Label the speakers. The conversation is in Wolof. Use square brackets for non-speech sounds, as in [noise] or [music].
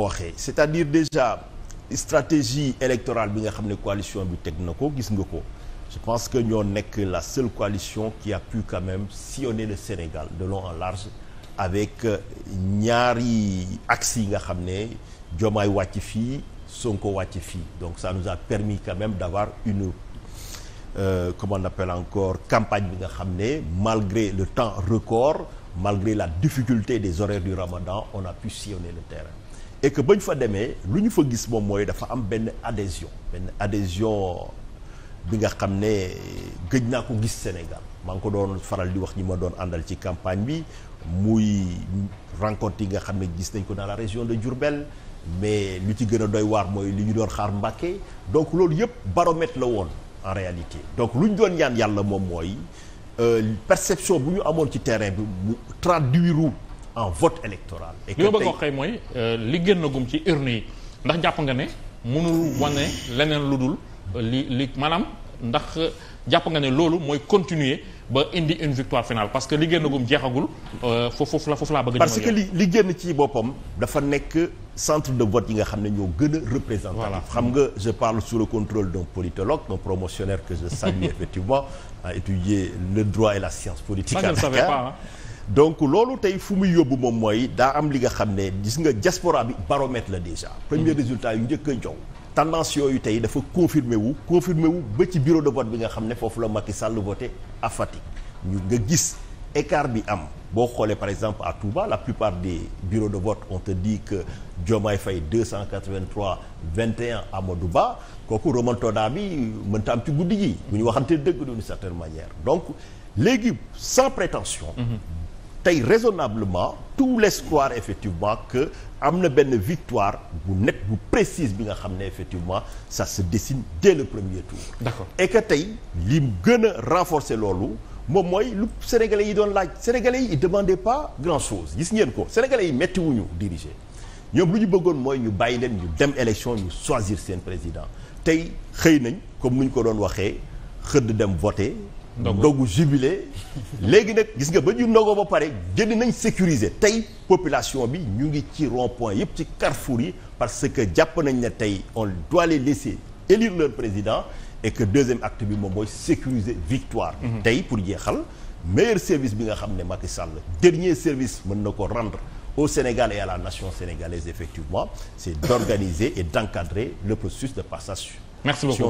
Speaker 1: ko waxee c'est-à-dire déjà stratégie électorale bi nga xam ne coalition bi teg na ko gis nga ko je pense que ñoo nekk la seule coalition qui a pu quand même sillonner le Sénégal de long en large avec euh, ñaari axes yi nga xam ne Diomaye wàcc fii ko wàcc fii donc ça nous a permis quand même d'avoir une euh, comment on appelle encore campagne bi nga xam ne malgré le temps record malgré la difficulté des horaires du Ramadan on a pu sillonner le terrain et que ñu fa demee lu ñu fa gis moom mooy dafa am benn adhésion benn adhésion bi nga xam ne gëj naa ko gis Sénégal maa ngi ko doon faral di wax ñi ma doon àndal ci campagne bi muy rencontre yi nga xam ne gis nañ ko dans la région de Diourbel mais lu ci gën a doy waar mooy li ñu doon xaar Mbacké donc loolu yëpp baromètre la woon en réalité donc lu ñu doon ñaan yàlla moom mooy euh, perception bu ñu amoon ci terrain bi mu traduire en vote électoral. et que li ma bëgg a
Speaker 2: wax mooy euh, li génnagum ci urne yi ndax jàpp nga ne mënul wane leneen lu dul euh, li li maanaam ndax euh, jàpp nga ne loolu mooy continuer ba indi une victoire finale parce que li génnagum jeexagul foofu la foofu laa bëgg parce que
Speaker 1: li génn ci boppam dafa nekk centre de vote yi nga xam ne ñoo gën a représentatif xam nga je parle sous le contrôle d'un politologue un promotionnaire que je salue [laughs] effectivement a le droit et la science politique à Dakar donc loolu tey fu muy yóbbu moom mooy daa am li nga xam ne gis nga diaspora bi baromètre la déjà premier résultat yu njëkk a jow tendance yooyu tey dafa confirmé wu confirmé wu ba ci bureau de vote bi nga xam ne foofu la Macky Sall voté à Fatick ñu nga gis écart bi am boo xoolee par exemple à Touba la plupart des bureaux de vote on te dit que Diomaye Faye 283 21 Amadou Ba kooku remontada bi mënta am ci guddi gi bu ñu waxante dëgg d'une certaine manière donc léegi sans prétention mhm. tey raisonnablement tout l'espoir effectivement que am na benn victoire bu net bu précise bi nga xam ne effectivement ça se dessine dès le premier tour d'accord et que tey li gën a renforcer loolu moom mooy lu sénégalais yi doon laaj sénégalais yi ils demandaient pas grand chose gis ngeen ko sénégalais yi metti wuñu diriger ñoom lu ñu bëggoon mooy ñu bàyyi leen ñu dem élection ñu soisir seen président tey xëy nañ comme nu ñu ko doon waxee xëdd dem voter ndogu jubilé [laughs] léegi nag gis nga ba ñu ndogoo ba pare génn nañ sécuriser tey population bi ñu ngi ci rond point yëpp ci carrefour yi parce que jàpp nañ ne tey on doit les laisser élire leur président et que deuxième acte bi moom mooy sécuriser victoire mhm. tey pour jeexal meilleur service bi nga xam ne Macky Sall dernier service mën na ko rendre au Sénégal et à la nation sénégalaise effectivement c'est d'organiser et d'encadrer le processus de passation merci